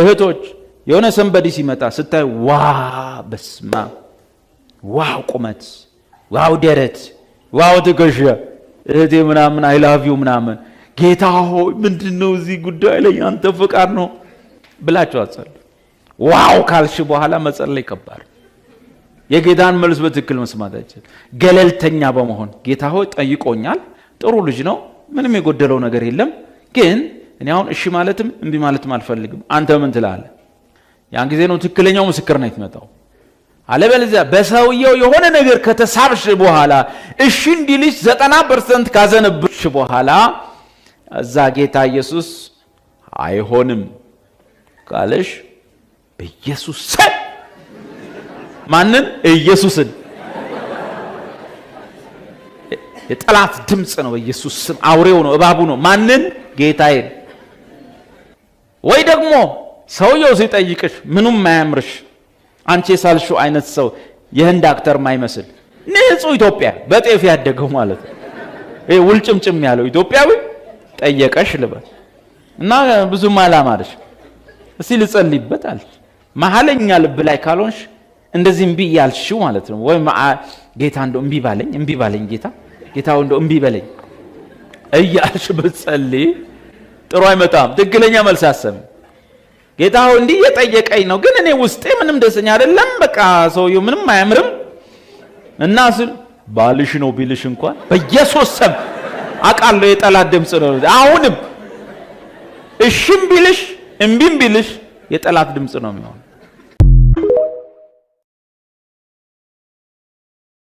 እህቶች የሆነ ሰንበዲ ሲመጣ ስታይ ዋ በስማ ዋው ቁመት፣ ዋው ደረት፣ ዋው ትከሻ እህቴ ምናምን አይላቪው ምናምን ጌታ ሆይ ምንድን ነው እዚህ ጉዳይ ላይ አንተ ፈቃድ ነው ብላቸው አጸል? ዋው ካልሽ በኋላ መጸለይ ከባድ። የጌታን መልስ በትክክል መስማት አይችል። ገለልተኛ በመሆን ጌታ ሆይ ጠይቆኛል፣ ጥሩ ልጅ ነው፣ ምንም የጎደለው ነገር የለም ግን እኔ አሁን እሺ ማለትም እምቢ ማለትም አልፈልግም። አንተ ምን ትላለ ያን ጊዜ ነው ትክክለኛው ምስክር ነው የትመጣው። አለበለዚያ በሰውየው የሆነ ነገር ከተሳብሽ በኋላ እሺ እንዲልሽ ዘጠና ፐርሰንት ካዘነብሽ በኋላ እዛ ጌታ ኢየሱስ አይሆንም ካለሽ በኢየሱስ ስም ማንን? ኢየሱስን የጠላት ድምፅ ነው። በኢየሱስ ስም አውሬው ነው፣ እባቡ ነው። ማንን? ጌታዬን ወይ ደግሞ ሰውየው ሲጠይቅሽ ምኑም ማያምርሽ አንቺ የሳልሽው አይነት ሰው የህንድ አክተር ማይመስል ንጹህ ኢትዮጵያ በጤፍ ያደገው ማለት ነው። ይሄ ውልጭምጭም ያለው ኢትዮጵያዊ ጠየቀሽ ልበል እና ብዙም አላማርሽ። እስቲ ልጸልይበት አለ። መሀለኛ ልብ ላይ ካልሆንሽ እንደዚህ እምቢ እያልሽው ማለት ነው። ወይም ጌታ እንደ እምቢ ባለኝ እምቢ ባለኝ ጌታ ጌታ እንደ እምቢ በለኝ እያልሽ ብትጸልይ ጥሩ አይመጣም። ትክክለኛ መልስ አሰምኝ ጌታ ሆይ እንዲህ እየጠየቀኝ ነው፣ ግን እኔ ውስጤ ምንም ደስተኛ አይደለም። በቃ ሰውየው ምንም አያምርም እና ስል ባልሽ ነው ቢልሽ እንኳን በኢየሱስ ስም አውቃለሁ የጠላት ድምፅ ነው። አሁንም እሽም ቢልሽ እምቢም ቢልሽ የጠላት ድምፅ ነው የሚሆነው።